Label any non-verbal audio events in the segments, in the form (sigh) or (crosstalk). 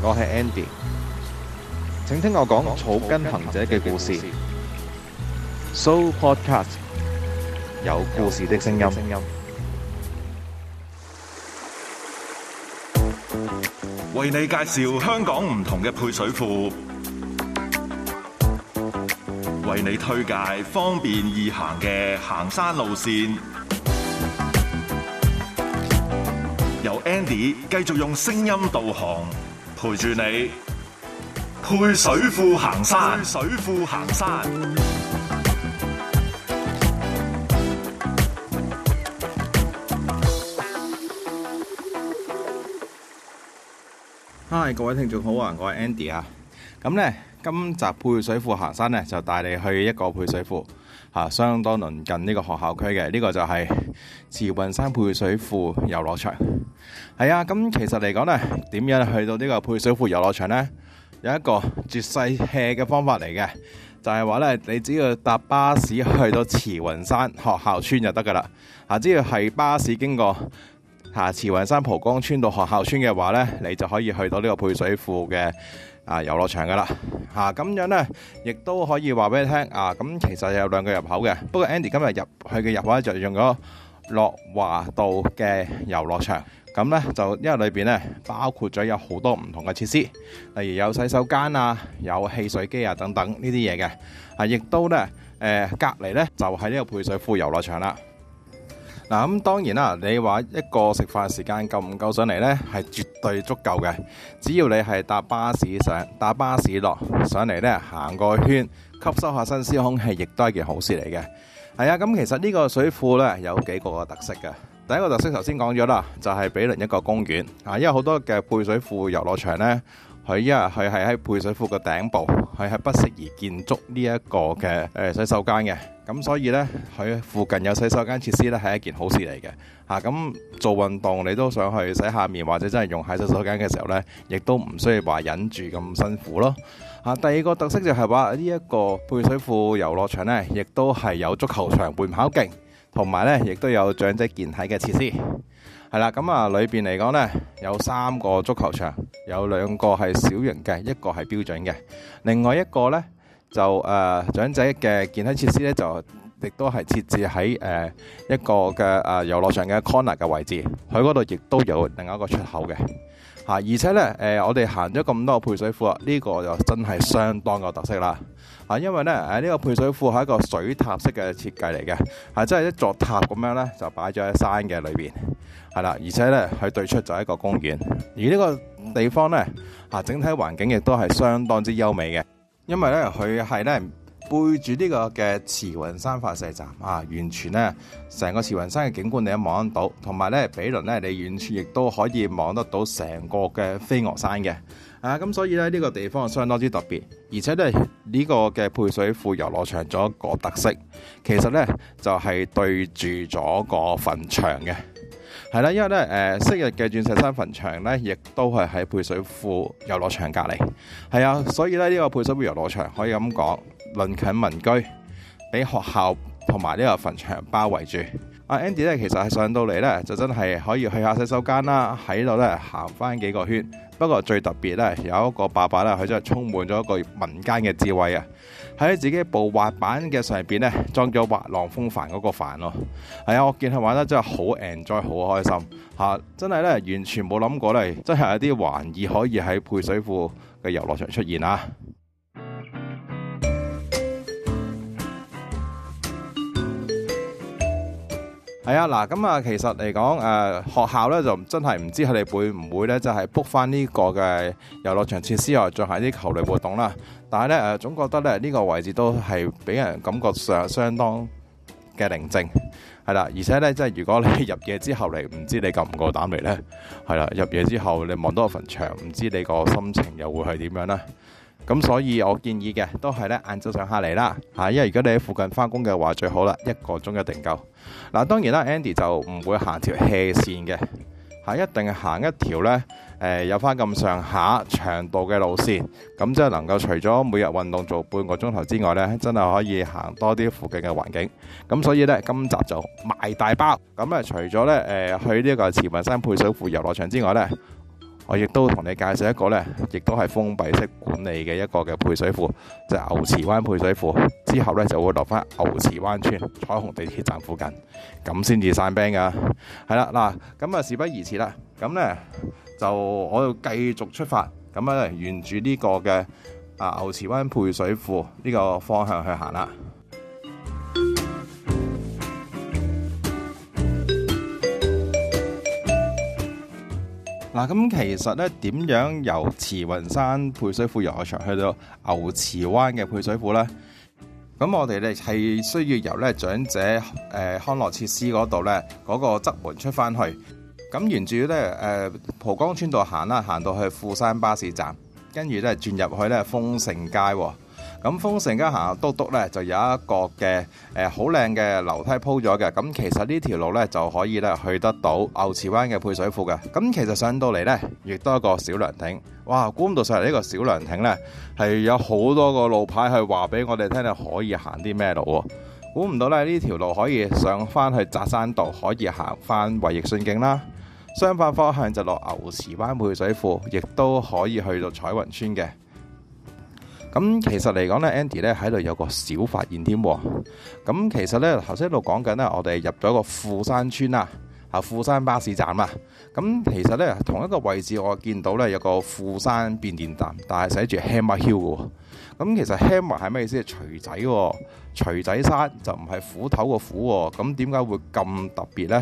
我係 Andy，請聽我講草根行者嘅故事。So Podcast 有故事的聲音，聲音為你介紹香港唔同嘅配水庫，為你推介方便易行嘅行山路綫。由 Andy 繼續用聲音導航。陪住你，配水庫行山。配水庫行山。Hi，各位聽眾好啊，我係 Andy 啊。咁呢，今集配水庫行山呢，就帶你去一個配水庫。啊，相當鄰近呢個學校區嘅呢個就係慈雲山配水庫遊樂場。係啊，咁其實嚟講呢，點樣去到呢個配水庫遊樂場呢？有一個絕世 hea 嘅方法嚟嘅，就係話呢，你只要搭巴士去到慈雲山學校村就得噶啦。啊，只要係巴士經過啊慈雲山蒲崗村到學校村嘅話呢，你就可以去到呢個配水庫嘅。啊，遊樂場㗎喇，嚇、啊、咁樣呢亦都可以話俾你聽啊。咁其實有兩個入口嘅，不過 Andy 今日入去嘅入口呢，就用咗樂華道嘅遊樂場。咁呢，就因為裏邊呢，包括咗有好多唔同嘅設施，例如有洗手間啊、有汽水機啊等等呢啲嘢嘅。啊，亦都呢，誒隔離呢，就係、是、呢個配水庫遊樂場啦。嗱咁當然啦，你話一個食飯時間夠唔夠上嚟呢？係絕對足夠嘅。只要你係搭巴士上，搭巴士落上嚟呢，行個圈，吸收下新鮮空氣，亦都係件好事嚟嘅。係啊，咁其實呢個水庫呢，有幾個特色嘅。第一個特色頭先講咗啦，就係毗鄰一個公園啊，因為好多嘅配水庫遊樂場呢。佢因為佢係喺配水庫嘅頂部，佢係不適宜建築呢一個嘅誒洗手間嘅，咁所以呢，佢附近有洗手間設施呢係一件好事嚟嘅。嚇，咁做運動你都想去洗下面或者真係用喺洗手間嘅時候呢，亦都唔需要話忍住咁辛苦咯。嚇，第二個特色就係話呢一個配水庫遊樂場呢，亦都係有足球場、慢跑徑，同埋呢亦都有長者健體嘅設施。係啦，咁啊裏邊嚟講呢，有三個足球場，有兩個係小型嘅，一個係標準嘅。另外一個呢，就誒、呃、長者嘅健身設施呢，就亦都係設置喺誒、呃、一個嘅誒遊樂場嘅 corner 嘅位置，佢嗰度亦都有另一個出口嘅。啊！而且咧，誒，我哋行咗咁多個配水庫，呢個就真係相當有特色啦！啊，因為咧，誒，呢個配水庫係一個水塔式嘅設計嚟嘅，係即係一座塔咁樣咧，就擺咗喺山嘅裏邊，係啦。而且咧，佢對出就係一個公園，而呢個地方咧，啊，整體環境亦都係相當之優美嘅，因為咧，佢係咧。背住呢個嘅慈雲山發射站啊，完全呢成個慈雲山嘅景觀你都望得到，同埋呢，比鄰呢，你完全亦都可以望得到成個嘅飛鵝山嘅啊。咁所以呢，呢、呢個地方相當之特別，而且呢，呢、呢個嘅配水庫遊樂場仲有一個特色，其實呢就係、是、對住咗個墳場嘅係啦，因為呢，誒、呃、昔日嘅鑽石山墳場呢，亦都係喺配水庫遊樂場隔離係啊，所以呢，呢、呢個配水庫遊樂場可以咁講。鄰近民居，俾學校同埋呢個墳場包圍住。阿 Andy 咧，其實係上到嚟咧，就真係可以去下洗手間啦，喺度咧行翻幾個圈。不過最特別咧，有一個爸爸咧，佢真係充滿咗一個民間嘅智慧啊！喺自己部滑板嘅上面咧，裝咗滑浪風帆嗰個帆咯、啊。係、哎、啊，我見佢玩得真係好 enjoy，好開心、啊、真係咧，完全冇諗過咧，真係有啲玩意可以喺配水庫嘅遊樂場出現啊！係啊，嗱，咁啊，其實嚟講，誒，學校咧就真係唔知佢哋會唔會咧，就係 book 翻呢個嘅遊樂場設施，又進行啲球類活動啦。但係咧，誒，總覺得咧呢個位置都係俾人感覺上相當嘅寧靜，係啦。而且咧，即係如果你入夜之後嚟，唔知你夠唔夠膽嚟咧，係啦。入夜之後，你望多個墳場，唔知你個心情又會係點樣咧？咁所以我建議嘅都係咧，晏晝上下嚟啦，嚇，因為如果你喺附近翻工嘅話最好啦，一個鐘一定夠。嗱，當然啦，Andy 就唔會行條斜線嘅，嚇，一定行一條呢，誒有翻咁上下長度嘅路線，咁即係能夠除咗每日運動做半個鐘頭之外呢，真係可以行多啲附近嘅環境。咁所以呢，今集就賣大包，咁誒除咗呢，誒去呢個慈雲山配水庫遊樂場之外呢。我亦都同你介紹一個呢亦都係封閉式管理嘅一個嘅配水庫，就係牛池灣配水庫。之後呢，就會落翻牛池灣村彩虹地鐵站附近，咁先至散兵㗎。係啦，嗱，咁啊事不宜遲啦，咁呢，就我要繼續出發，咁啊沿住呢個嘅啊牛池灣配水庫呢個方向去行啦。嗱，咁其實咧，點樣由慈雲山配水庫遊樂場去到牛池灣嘅配水庫咧？咁我哋咧係需要由咧長者誒康樂設施嗰度咧嗰個側門出翻去，咁沿住咧誒蒲崗村度行啦，行到去富山巴士站，跟住咧轉入去咧豐盛街喎。咁豐盛街行督篤咧，就有一個嘅誒好靚嘅樓梯鋪咗嘅。咁其實條呢條路咧就可以咧去得到牛池灣嘅配水庫嘅。咁其實上到嚟咧，亦都有一個小涼亭。哇！估唔到上嚟呢個小涼亭咧，係有好多個路牌去話俾我哋聽咧，可以行啲咩路喎？估唔到咧呢條路可以上翻去扎山道，可以行翻維逸順景啦。相反方向就落牛池灣配水庫，亦都可以去到彩雲村嘅。咁其實嚟講咧，Andy 咧喺度有個小發現添喎。咁其實咧頭先一路講緊咧，我哋入咗個富山邨啊，啊富山巴士站嘛。咁其實咧同一個位置，我見到咧有個富山變電站，但係寫住 Hammer Hill 喎。咁其實 Hammer 係咩意思？錘仔喎，錘仔山就唔係斧頭個斧喎。咁點解會咁特別咧？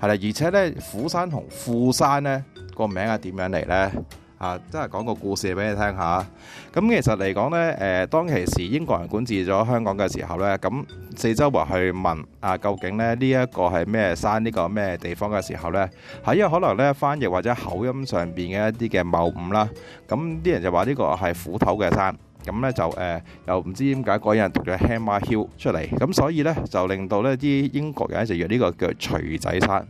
係啦，而且咧斧山同富山咧、那個名係點樣嚟咧？啊，真係講個故事俾你聽下。咁其實嚟講呢，誒當其時英國人管治咗香港嘅時候呢，咁四周圍去問啊，究竟呢呢一個係咩山？呢個咩地方嘅時候呢？係因為可能呢，翻譯或者口音上面嘅一啲嘅謬誤啦，咁啲人就話呢個係斧頭嘅山，咁呢就誒、呃、又唔知點解嗰人讀咗 Hammer Hill 出嚟，咁所以呢，就令到呢啲英國人就叫呢個叫錘仔山。嚇、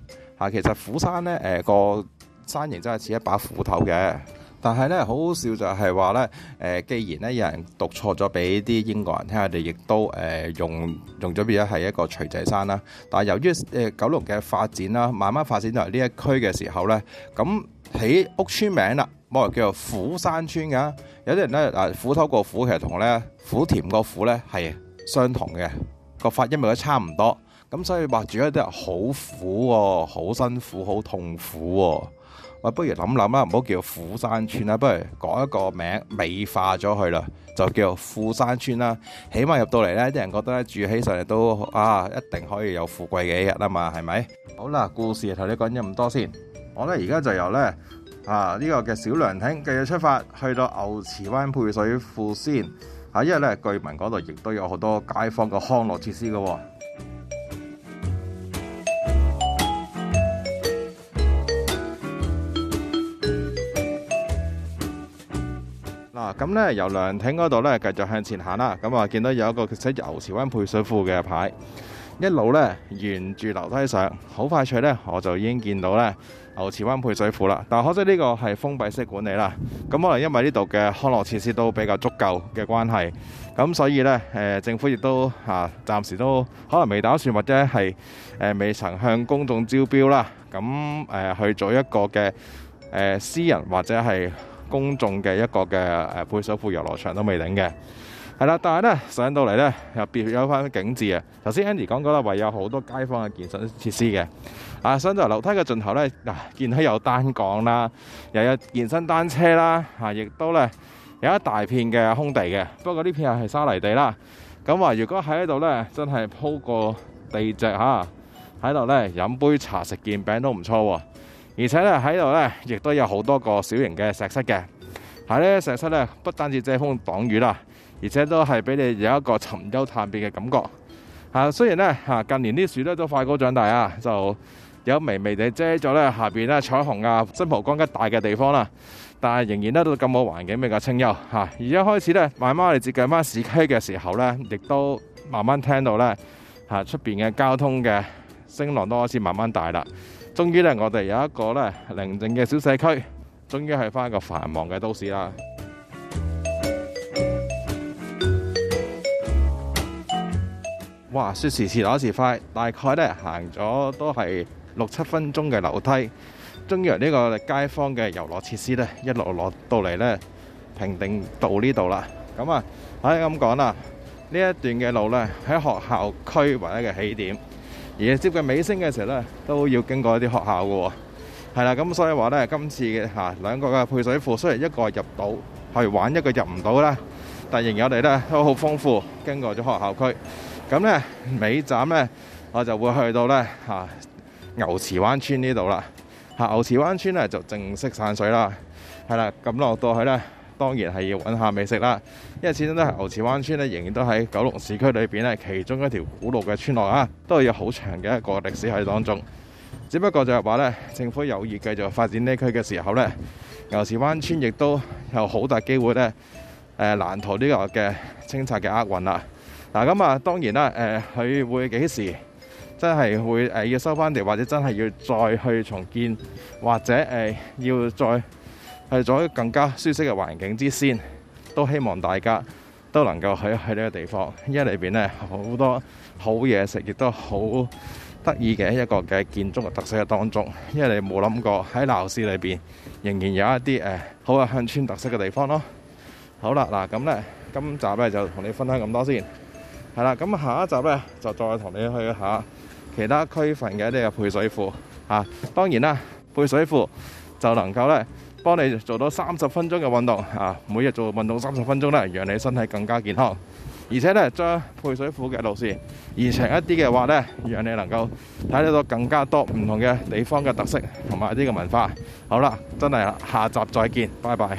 啊，其實斧山呢，誒、呃、個山形真係似一把斧頭嘅。但係咧，好好笑就係話咧，既然咧有人讀錯咗俾啲英國人聽，我哋亦都誒、呃、用用咗變咗係一個徐仔山啦。但係由於、呃、九龍嘅發展啦，慢慢發展到嚟呢一區嘅時候咧，咁起屋村名啦，冇如叫做虎山村噶。有啲人咧虎頭個虎其實同咧虎田個虎咧係相同嘅，個發音咪都差唔多。咁所以話住喺啲好苦、哦，好辛苦，好痛苦、哦。喂，不如諗諗啦，唔好叫斧山村啦，不如改一個名字美化咗佢啦，就叫富山村啦。起碼入到嚟呢啲人覺得咧住起上嚟都啊，一定可以有富貴嘅一日啊嘛，係咪？好啦，故事同你講咗咁多先， (music) 我咧而家就由咧啊呢、這個嘅小涼亭繼續出發，去到牛池灣配水庫先。啊，因為咧據聞嗰度亦都有好多街坊嘅康樂設施嘅、哦。咁咧由涼亭嗰度咧繼續向前行啦，咁啊見到有一個其實牛池灣配水庫嘅牌，一路咧沿住樓梯上，好快脆咧我就已經見到咧牛池灣配水庫啦。但可惜呢個係封閉式管理啦，咁可能因為呢度嘅康樂設施都比較足夠嘅關係，咁所以咧誒政府亦都啊暫時都可能未打算或者係誒未曾向公眾招標啦，咁誒去做一個嘅誒私人或者係，公眾嘅一個嘅誒，背手褲遊樂場都未頂嘅，係啦，但係咧上到嚟咧，入邊有一番景致啊！頭先 Andy 講過啦，唯有好多街坊嘅健身設施嘅，啊，上到樓梯嘅盡頭咧，嗱、啊，見起有單槓啦，又有健身單車啦，啊，亦都咧有一大片嘅空地嘅，不過呢片係係沙泥地啦。咁話如果喺呢度咧，真係鋪個地席吓，喺度咧飲杯茶食件餅都唔錯喎。而且咧喺度咧，亦都有好多個小型嘅石室嘅，喺咧石室咧，不單止遮風擋雨啦，而且都係俾你有一個尋幽探秘嘅感覺。吓，雖然咧吓近年啲樹咧都快高長大啊，就有微微地遮咗咧下邊咧彩虹啊、新蒲崗一帶嘅地方啦，但係仍然咧都咁好環境，比較清幽吓。而一開始咧，慢慢嚟接近翻市區嘅時候咧，亦都慢慢聽到咧吓出邊嘅交通嘅聲浪都開始慢慢大啦。終於咧，我哋有一個咧寧靜嘅小社區，終於係翻一個繁忙嘅都市啦！哇，説時遲那時快，大概咧行咗都係六七分鐘嘅樓梯，終於呢個街坊嘅遊樂設施咧一路落到嚟咧平定道呢度啦。咁啊，可以咁講啦，呢一段嘅路咧喺學校區為一個起點。而接近尾聲嘅時候咧，都要經過一啲學校嘅喎，係啦，咁所以話咧，今次嘅嚇兩個嘅配水庫，雖然一個入到去玩，一個入唔到啦，但係仍然有啲咧都好豐富，經過咗學校區。咁咧尾站咧，我就會去到咧嚇牛池灣村呢度啦，嚇牛池灣村咧就正式散水啦，係啦，咁落到去咧。當然係要揾下美食啦，因為始終都係牛池灣村咧，仍然都喺九龍市區裏邊咧，其中一條古老嘅村落啊，都係有好長嘅一個歷史喺當中。只不過就係話咧，政府有意繼續發展呢區嘅時候咧，牛池灣村亦都有好大機會咧，誒難逃呢個嘅清拆嘅厄運啦。嗱咁啊，當然啦，誒佢會幾時真係會誒要收翻地，或者真係要再去重建，或者誒要再。係在更加舒適嘅環境之先，都希望大家都能夠去去呢個地方，因為裏邊咧好多好嘢食，亦都好得意嘅一個嘅建築嘅特色嘅當中。因為你冇諗過喺鬧市裏邊，仍然有一啲誒、呃、好嘅鄉村特色嘅地方咯。好啦，嗱咁咧，今集咧就同你分享咁多先，係啦。咁下一集咧就再同你去下其他區份嘅呢個配水庫啊。當然啦，配水庫就能夠咧。幫你做到三十分鐘嘅運動啊！每日做運動三十分鐘咧，讓你身體更加健康。而且咧，將配水庫嘅路線，延長一啲嘅話咧，讓你能夠睇得到更加多唔同嘅地方嘅特色同埋一啲嘅文化。好啦，真係啦，下集再見，拜拜。